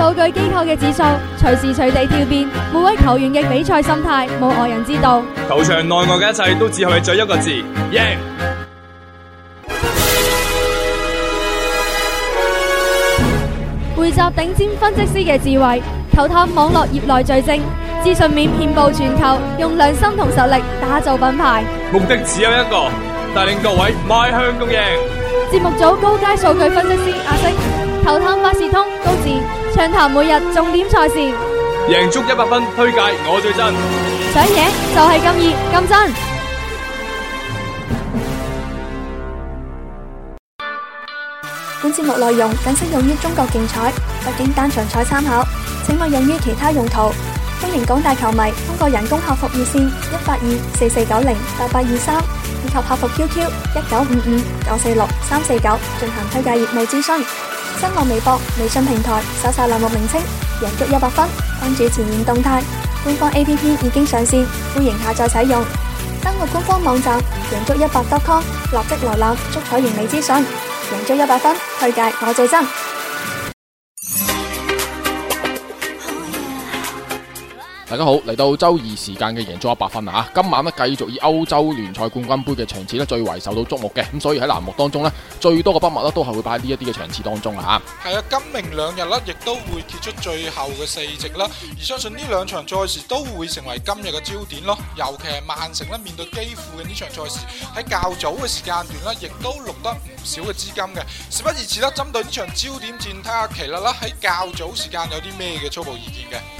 數據機構嘅指數隨時隨地跳變，每位球員嘅比賽心態冇外人知道。球場內外嘅一切都只係一個字：贏。匯集頂尖分析師嘅智慧，球探網絡業內最精，資訊面遍佈全球，用良心同實力打造品牌。目的只有一個，帶領各位邁向共贏。節目組高階數據分析師阿星，球探百事通。暢談每日重點賽事，贏足一百分推介，我最真。想贏就係咁易咁真。本節目內容僅適用於中國競彩北京單場彩參考，請勿用於其他用途。歡迎廣大球迷通過人工客服熱線一八二四四九零八八二三以及客服 QQ 一九五五九四六三四九進行推介業務諮詢。登錄微博、微信平台，搜索欄目名稱“贏足一百分”，關注前沿動態。官方 A P P 已經上線，歡迎下載使用。登錄官方網站贏足一百 .com，立即瀏覽足彩完美資訊。贏足一百分，推介我最真。大家好，嚟到周二時間嘅贏足一百分啦吓，今晚咧繼續以歐洲聯賽冠軍盃嘅場次呢最為受到矚目嘅，咁所以喺欄目當中呢最多嘅筆墨咧都係會擺喺呢一啲嘅場次當中啊。係啊，今明兩日呢亦都會揭出最後嘅四席啦，而相信呢兩場賽事都會成為今日嘅焦點咯，尤其係曼城咧面對基輔嘅呢場賽事喺較早嘅時間段呢亦都錄得唔少嘅資金嘅。事不宜遲啦，針對呢場焦點戰，睇下奇立啦喺較早時間有啲咩嘅初步意見嘅。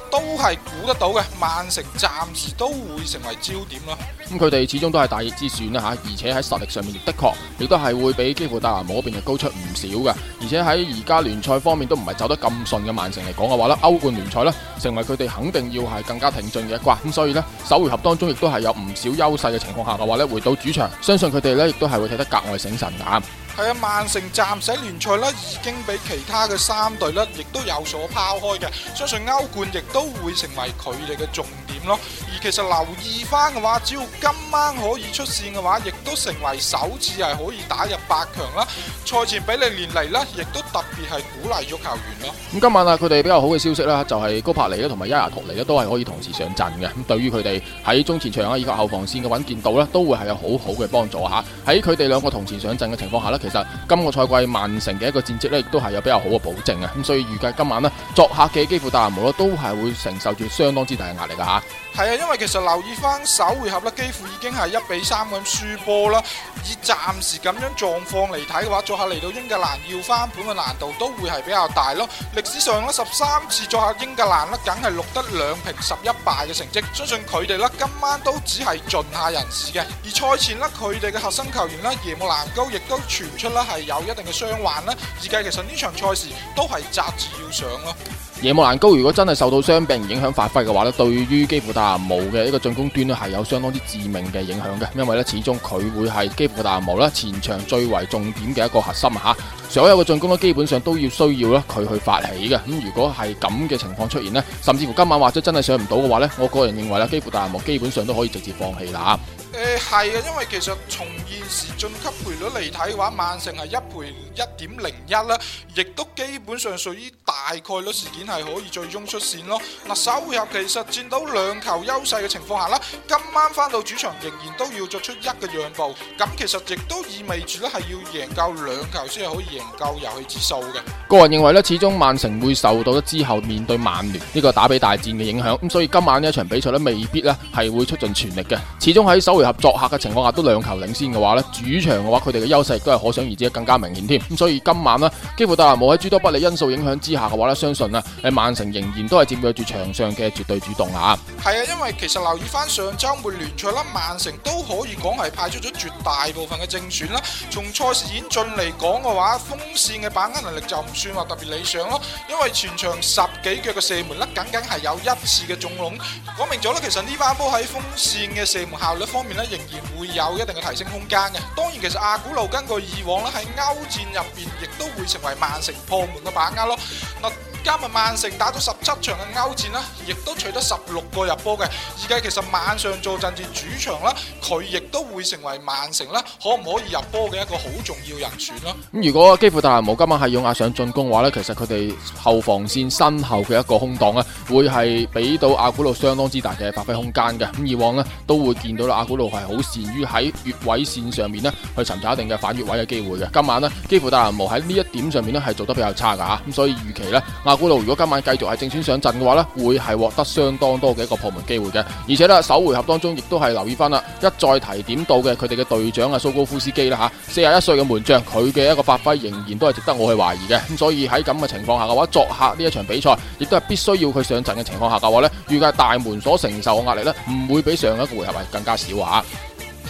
都係估得到嘅，曼城暫時都會成為焦點啦。咁佢哋始終都係大熱之選啦吓，而且喺實力上面，的確亦都係會比基輔迪拿模嗰邊係高出唔少嘅。而且喺而家聯賽方面都唔係走得咁順嘅曼城嚟講嘅話咧，歐冠聯賽呢成為佢哋肯定要係更加挺進嘅一關。咁所以呢，首回合當中亦都係有唔少優勢嘅情況下嘅話呢回到主場，相信佢哋呢亦都係會睇得格外醒神啊。係啊，曼城暫時聯賽咧已經畀其他嘅三隊咧，亦都有所拋開嘅。相信歐冠亦都會成為佢哋嘅重點咯。而其實留意翻嘅話，只要今晚可以出線嘅話，亦都成為首次係可以打入八強啦。賽前比利連嚟咧，亦都特別係鼓勵咗球員咯。咁今晚啊，佢哋比較好嘅消息咧，就係高柏尼咧同埋伊亞托尼咧都係可以同時上陣嘅。咁對於佢哋喺中前場啊以及後防線嘅穩健度咧，都會係有好好嘅幫助吓。喺佢哋兩個同時上陣嘅情況下咧。其實今個賽季曼城嘅一個戰績呢，亦都係有比較好嘅保證啊！咁所以預計今晚呢，作客嘅幾乎大藍帽啦都係會承受住相當之大嘅壓力㗎嚇。係啊，因為其實留意翻首回合咧，幾乎已經係一比三咁輸波啦。以暫時咁樣狀況嚟睇嘅話，作客嚟到英格蘭要翻盤嘅難度都會係比較大咯。歷史上咧，十三次作客英格蘭咧，梗係錄得兩平十一敗嘅成績。相信佢哋咧，今晚都只係盡下人事嘅。而賽前咧，佢哋嘅核心球員咧，耶姆蘭高亦都傳出咧係有一定嘅傷患咧。預計其實呢場賽事都係擇日要上咯。耶莫蘭高如果真係受到傷病影響發揮嘅話呢，對於基輔戴拿模嘅一個進攻端係有相當之致命嘅影響嘅，因為呢始終佢會係基輔戴拿模咧前場最為重點嘅一個核心嚇，所有嘅進攻呢基本上都要需要咧佢去發起嘅。咁如果係咁嘅情況出現呢，甚至乎今晚或者真係上唔到嘅話呢，我個人認為咧基輔戴拿模基本上都可以直接放棄啦。誒係啊，因為其實從現時晉級賠率嚟睇嘅話，曼城係一賠一點零一啦，亦都基本上屬於大概率事件係可以最終出線咯。嗱，首回合其實戰到兩球優勢嘅情況下啦，今晚翻到主場仍然都要作出一個讓步，咁其實亦都意味住咧係要贏夠兩球先係可以贏夠遊戲指數嘅。個人認為咧，始終曼城會受到咧之後面對曼聯呢個打比大戰嘅影響，咁所以今晚呢一場比賽咧未必咧係會出盡全力嘅，始終喺首。配合作客嘅情況下都兩球領先嘅話呢，主場嘅話，佢哋嘅優勢都係可想而知更加明顯添。咁所以今晚呢，幾乎大難冇喺諸多不利因素影響之下嘅話呢，相信呢，誒，曼城仍然都係佔據住場上嘅絕對主動啊。係啊，因為其實留意翻上，上周末聯賽啦，曼城都可以講係派出咗絕大部分嘅正選啦。從賽事演進嚟講嘅話，鋒線嘅把握能力就唔算話特別理想咯。因為全場十幾腳嘅射門咧，僅僅係有一次嘅中籠，講明咗呢，其實呢把波喺鋒線嘅射門效率方面。仍然會有一定嘅提升空間嘅。當然，其實阿古路根據以往咧，喺歐戰入邊亦都會成為曼城破門嘅把握咯。今日曼城打咗十七場嘅歐戰啦，亦都取得十六個入波嘅。而家其實晚上做陣住主場啦，佢亦都會成為曼城啦，可唔可以入波嘅一個好重要人選咯。咁如果基輔大藍毛今晚係勇壓上進攻嘅話咧，其實佢哋後防線身後嘅一個空檔啊，會係俾到阿古路相當之大嘅發揮空間嘅。咁以往呢都會見到阿古路係好善於喺越位線上面呢去尋找一定嘅反越位嘅機會嘅。今晚呢，基輔大藍毛喺呢一點上面呢係做得比較差嘅嚇、啊，咁所以預期呢。阿古路，如果今晚繼續係正選上陣嘅話呢，會係獲得相當多嘅一個破門機會嘅。而且呢，首回合當中亦都係留意翻啦，一再提點到嘅佢哋嘅隊長啊，蘇高夫斯基啦吓，四十一歲嘅門將，佢嘅一個發揮仍然都係值得我去懷疑嘅。咁所以喺咁嘅情況下嘅話，作客呢一場比賽亦都係必須要佢上陣嘅情況下嘅話呢，預計大門所承受嘅壓力呢唔會比上一個回合係更加少啊。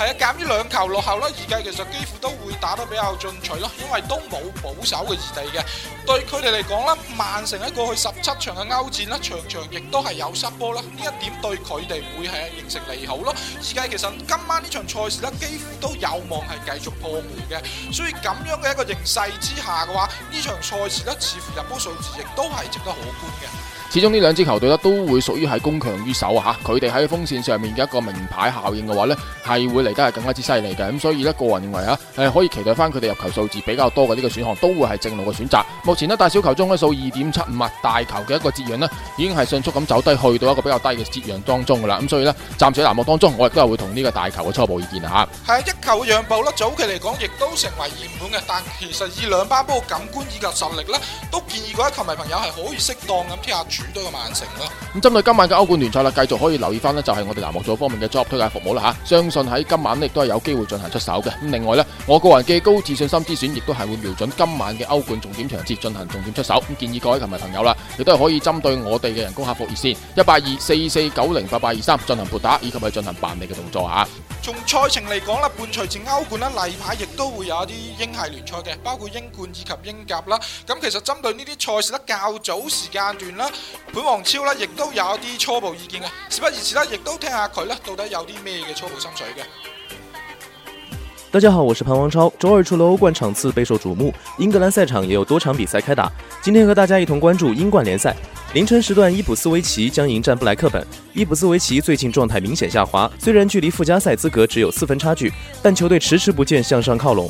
係啊，鑒於兩球落後咧，而家其實幾乎都會打得比較進取咯，因為都冇保守嘅意地嘅。對佢哋嚟講咧，曼城喺過去十七場嘅歐戰咧，場場亦都係有失波啦。呢一點對佢哋會係形成利好咯。而家其實今晚呢場賽事咧，幾乎都有望係繼續破門嘅。所以咁樣嘅一個形勢之下嘅話，呢場賽事咧，似乎入波數字亦都係值得可觀嘅。始終呢兩支球隊呢都會屬於係攻強於守吓，佢哋喺鋒線上面嘅一個名牌效應嘅話呢係會嚟得係更加之犀利嘅，咁所以呢個人認為啊，係可以期待翻佢哋入球數字比較多嘅呢個選項，都會係正路嘅選擇。目前呢大小球中嘅數二點七五啊，大球嘅一個折讓呢已經係迅速咁走低，去到一個比較低嘅折讓當中噶啦，咁所以呢，暫時嘅欄目當中，我亦都係會同呢個大球嘅初步意見吓，係一球嘅讓步呢早期嚟講亦都成為熱門嘅，但其實以兩班波嘅感官以及實力呢，都建議各位球迷朋友係可以適當咁最多嘅曼城咯。咁針對今晚嘅歐冠聯賽啦，繼續可以留意翻咧，就係我哋欄目組方面嘅綜合推介服務啦吓。相信喺今晚咧亦都係有機會進行出手嘅。咁另外咧，我個人嘅高自信心之選，亦都係會瞄準今晚嘅歐冠重點場次進行重點出手。咁建議各位球迷朋友啦，亦都係可以針對我哋嘅人工客服熱線一八二四四九零八八二三進行撥打，以及係進行辦理嘅動作啊。從賽程嚟講啦，伴隨住歐冠啦，例牌亦都會有一啲英系聯賽嘅，包括英冠以及英甲啦。咁其實針對呢啲賽事咧，較早時間段啦。盤王超呢，亦都有啲初步意見嘅。事不宜遲啦，亦都聽下佢呢，到底有啲咩嘅初步心水嘅。大家好，我是盤王超。周二除了歐冠場次備受矚目，英格蘭賽場也有多場比賽開打。今天和大家一同關注英冠聯賽。凌晨時段，伊普斯威奇將迎戰布萊克本。伊普斯威奇最近狀態明顯下滑，雖然距離附加賽，賽資格只有四分差距，但球隊遲遲不見向上靠攏。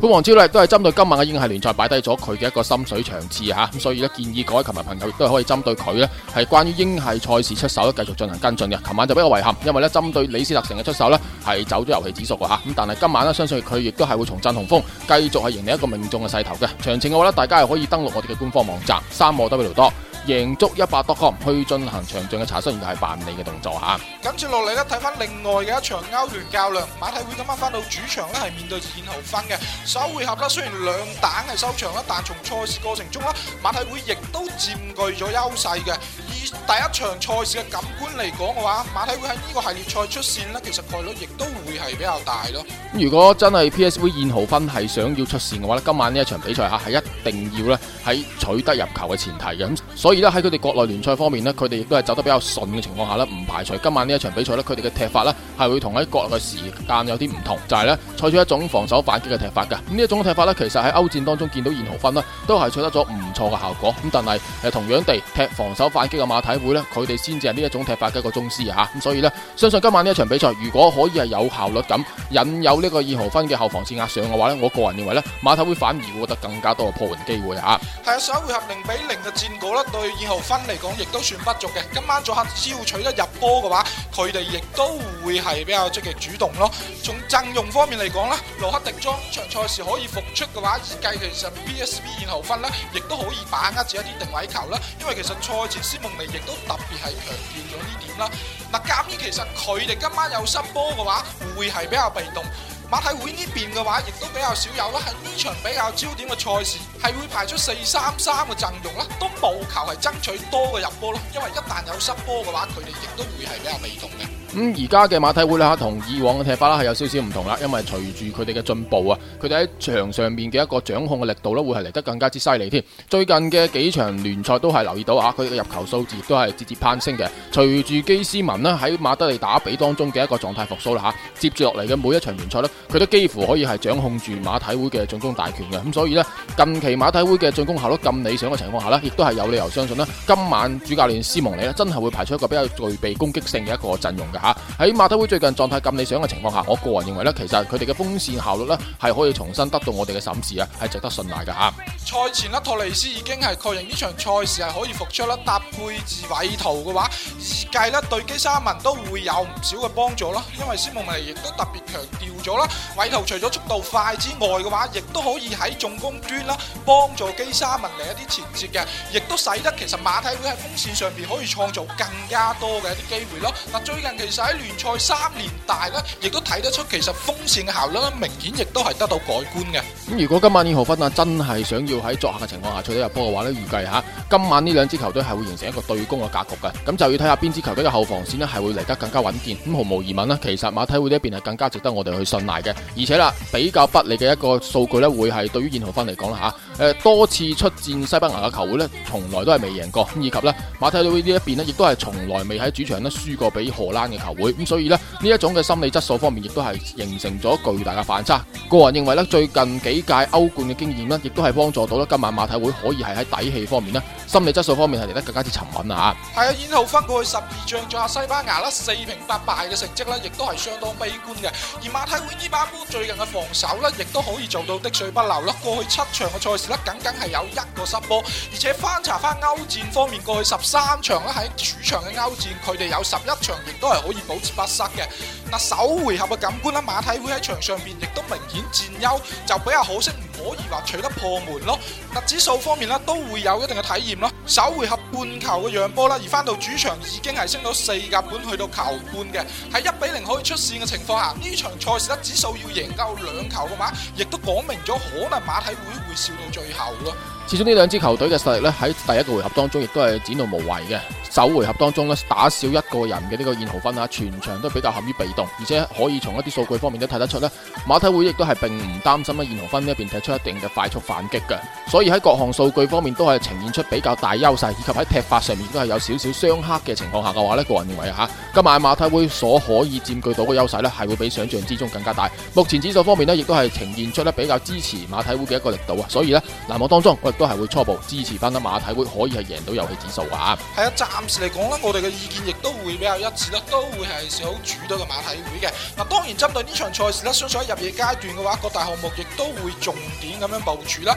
盤王超咧都係針對今晚嘅英系聯賽，擺低咗佢嘅一個心水場次啊，咁所以咧建議各位球迷朋友亦都係可以針對佢呢係關於英系賽事出手，繼續進行跟進嘅。琴晚就比較遺憾，因為呢針對李斯特城嘅出手呢係走咗遊戲指數啊，咁但係今晚咧相信佢亦都係會重振雄風，繼續係迎嚟一個命中嘅勢頭嘅。詳情嘅話呢，大家係可以登錄我哋嘅官方網站三個 W 多。贏足一百 .com 去進行詳盡嘅查詢，以係辦理嘅動作吓。緊接落嚟呢，睇翻另外嘅一場歐聯較量，馬體會咁樣翻到主場呢，係面對劍後分嘅首回合呢，雖然兩蛋係收場啦，但從賽事過程中咧，馬體會亦都佔據咗優勢嘅。以第一場賽事嘅感官嚟講嘅話，馬體會喺呢個系列賽出線呢，其實概率亦都會係比較大咯。如果真係 PSV 燕豪芬係想要出線嘅話咧，今晚呢一場比賽吓係一定要呢，喺取得入球嘅前提嘅。所以呢，喺佢哋國內聯賽方面呢，佢哋亦都係走得比較順嘅情況下呢，唔排除今晚呢一場比賽呢，佢哋嘅踢法呢係會同喺國內嘅時間有啲唔同，就係呢，採取一種防守反擊嘅踢法嘅。呢一種踢法呢，其實喺歐戰當中見到燕豪芬呢，都係取得咗唔錯嘅效果。咁但係同樣地踢防守反擊馬體會呢，佢哋先至係呢一種踢法嘅一個宗師啊吓，咁所以呢，相信今晚呢一場比賽，如果可以係有效率咁引有呢個燕豪芬嘅後防線壓上嘅話呢，我個人認為呢，馬體會反而獲得更加多嘅破壞機會吓。係啊是，上一回合零比零嘅戰果咧，對燕豪芬嚟講亦都算不俗嘅。今晚做客只要取得入波嘅話，佢哋亦都會係比較積極主動咯。從陣容方面嚟講呢，盧克迪莊，場賽事可以復出嘅話，預計其實 PSV 燕豪芬呢，亦都可以把握住一啲定位球啦。因為其實賽前先。亦都特別係強調咗呢點啦。嗱，鑒於其實佢哋今晚有失波嘅話，會係比較被動。馬體會呢邊嘅話，亦都比較少有啦。喺呢場比較焦點嘅賽事，係會排出四三三嘅陣容啦，都冇求係爭取多個入波咯。因為一旦有失波嘅話，佢哋亦都會係比較被動嘅。咁而家嘅馬體會啦，同以往嘅踢法啦係有少少唔同啦，因為隨住佢哋嘅進步啊，佢哋喺場上面嘅一個掌控嘅力度咧，會係嚟得更加之犀利添。最近嘅幾場聯賽都係留意到啊，佢嘅入球數字亦都係節節攀升嘅。隨住基斯文咧喺馬德里打比當中嘅一個狀態復甦啦吓，接住落嚟嘅每一場聯賽呢，佢都幾乎可以係掌控住馬體會嘅進攻大權嘅。咁所以呢，近期馬體會嘅進攻效率咁理想嘅情況下呢，亦都係有理由相信呢，今晚主教練斯蒙尼呢真係會排出一個比較具備攻擊性嘅一個陣容嘅。嚇喺馬體會最近狀態咁理想嘅情況下，我個人認為咧，其實佢哋嘅鋒線效率咧係可以重新得到我哋嘅審視啊，係值得信賴嘅啊！賽前咧，托雷斯已經係確認呢場賽事係可以復出啦。搭配住委圖嘅話，預計咧對基沙文都會有唔少嘅幫助啦。因為斯莫尼亦都特別強調咗啦，委圖除咗速度快之外嘅話，亦都可以喺進攻端啦幫助基沙文嚟一啲前節嘅，亦都使得其實馬體會喺鋒線上邊可以創造更加多嘅一啲機會咯。嗱，最近嘅。其實喺聯賽三年大呢，亦都睇得出其實鋒線嘅效率咧，明顯亦都係得到改觀嘅。咁如果今晚燕豪芬啊，真係想要喺作客嘅情況下取得入波嘅話呢，預計吓今晚呢兩支球隊係會形成一個對攻嘅格局嘅。咁就要睇下邊支球隊嘅後防線呢，係會嚟得更加穩健。咁毫無疑問啦，其實馬體會呢一邊係更加值得我哋去信賴嘅。而且啦，比較不利嘅一個數據呢，會係對於燕豪芬嚟講啦吓。誒，多次出戰西班牙嘅球會呢，從來都係未贏過。以及呢，馬體會呢一邊呢，亦都係從來未喺主場呢輸過俾荷蘭嘅。球會咁，所以咧呢一種嘅心理質素方面，亦都係形成咗巨大嘅反差。個人認為咧，最近幾屆歐冠嘅經驗咧，亦都係幫助到咧今晚馬體會可以係喺底氣方面咧，心理質素方面係嚟得更加之沉穩啊！係啊，然後翻過去十二仗，仲有西班牙咧四平八敗嘅成績咧，亦都係相當悲觀嘅。而馬體會呢把波最近嘅防守咧，亦都可以做到滴水不漏啦。過去七場嘅賽事咧，僅僅係有一個失波。而且翻查翻歐戰方面，過去十三場咧喺主場嘅歐戰，佢哋有十一場亦都係好。可以保持不失嘅。嗱，首回合嘅感官啦，馬體會喺場上邊亦都明顯佔優，就比較可惜唔可以話取得破門咯。嗱，指數方面啦，都會有一定嘅體驗咯。首回合半球嘅讓波啦，而翻到主場已經係升到四格半去到球半嘅，喺一比零可以出線嘅情況下，呢場賽事嘅指數要贏夠兩球嘅話，亦都講明咗可能馬體會會笑到最後咯。始終呢兩支球隊嘅實力咧，喺第一個回合當中亦都係展露無遺嘅。首回合當中呢，打少一個人嘅呢個燕豪芬啊，全場都比較陷於被動，而且可以從一啲數據方面都睇得出咧，馬體會亦都係並唔擔心燕豪芬呢一邊踢出一定嘅快速反擊嘅。所以喺各項數據方面都係呈現出比較大優勢，以及喺踢法上面都係有少少雙黑嘅情況下嘅話咧，個人認為啊，今晚馬體會所可以佔據到嘅優勢咧，係會比想象之中更加大。目前指數方面咧，亦都係呈現出比較支持馬體會嘅一個力度啊。所以呢，難望當中都係會初步支持翻啲馬體會可以係贏到遊戲指數噶，係啊，暫時嚟講咧，我哋嘅意見亦都會比較一致啦，都會係好主導嘅馬體會嘅。嗱，當然針對呢場賽事咧，相信喺入夜階段嘅話，各大項目亦都會重點咁樣部署啦。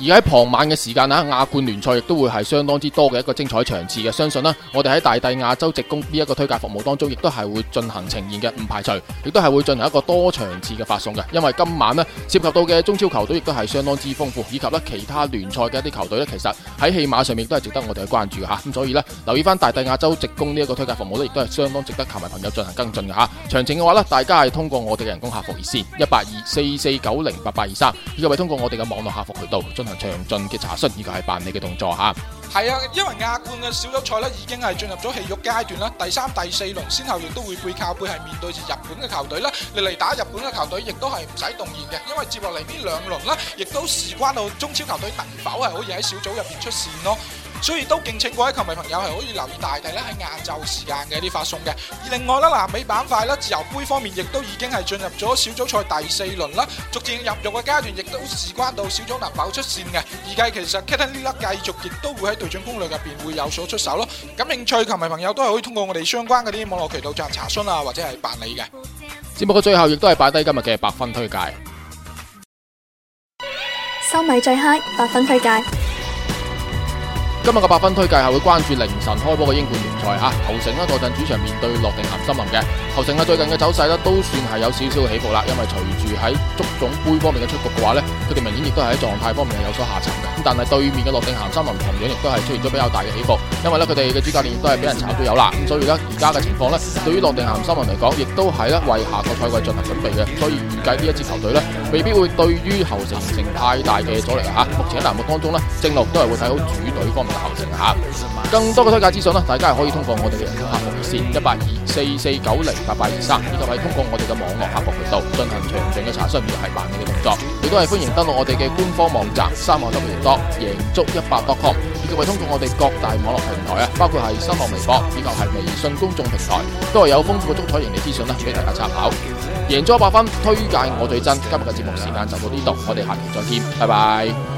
而喺傍晚嘅時間啊，亞冠聯賽亦都會係相當之多嘅一個精彩場次嘅，相信呢，我哋喺大帝亞洲直供呢一個推介服務當中，亦都係會進行呈現嘅，唔排除，亦都係會進行一個多場次嘅發送嘅，因為今晚呢，涉及到嘅中超球隊亦都係相當之豐富，以及呢其他聯賽嘅一啲球隊咧，其實喺戲碼上面亦都係值得我哋去關注嘅嚇。咁所以呢，留意翻大帝亞洲直供呢一個推介服務咧，亦都係相當值得球迷朋友進行跟進嘅嚇。詳情嘅話咧，大家係通過我哋嘅人工客服熱線一八二四四九零八八二三，亦或係通過我哋嘅網絡客服渠道詳盡嘅查詢，呢個係辦理嘅動作吓。係啊，因為亞冠嘅小組賽咧，已經係進入咗戲肉階段啦。第三、第四輪先後亦都會背靠背係面對住日本嘅球隊啦。嚟打日本嘅球隊，亦都係唔使動員嘅，因為接落嚟呢兩輪啦，亦都事關到中超球隊能否係可以喺小組入邊出線咯。所以都敬請各位球迷朋友係可以留意大體啦，喺晏晝時間嘅一啲發送嘅。而另外啦，南美板塊啦，自由盃方面亦都已經係進入咗小組賽第四輪啦，逐漸入閲嘅階段亦都事關到小組能否出線嘅。而家其實 Ketin 呢粒繼續亦都會喺對陣攻略入邊會有所出手咯。感興趣球迷朋友都係可以通過我哋相關嘅啲網絡渠道進行查詢啊，或者係辦理嘅。節目嘅最後亦都係擺低今日嘅百分推介，收米最 high 百分推介。今日嘅八分推介係會關注凌晨開波嘅英冠聯賽啊！侯城，呢嗰陣主場面對諾定咸森林嘅侯城啊，最近嘅走勢咧都算係有少少起伏啦，因為隨住喺足總盃方面嘅出局嘅話呢，佢哋明顯亦都係喺狀態方面係有所下沉嘅。咁但係對面嘅諾定咸森林同樣亦都係出現咗比較大嘅起伏，因為呢，佢哋嘅主教練亦都係俾人炒都有啦。咁所以呢，而家嘅情況呢，對於諾定咸森林嚟講，亦都係呢，為下個賽季進行準備嘅。所以預計呢一支球隊呢，未必會對於侯城形成太大嘅阻力吓，啊，目前喺欄目當中呢，正路都係會睇好主隊方面。求證下，更多嘅推介資訊咧，大家係可以通過我哋嘅人工客服熱線一八二四四九零八八二三，4 4 23，以及係通過我哋嘅網絡客服渠道進行詳盡嘅查詢，而係辦理嘅動作。亦都係歡迎登錄我哋嘅官方網站三號十元多贏足一百 .com 以及係通過我哋各大網絡平台啊，包括係新浪微博，以及係微信公眾平台，都係有豐富嘅足彩盈利資訊咧，俾大家參考。贏足 100FUN，推介我最真。今日嘅節目時間就到呢度，我哋下期再見，拜拜。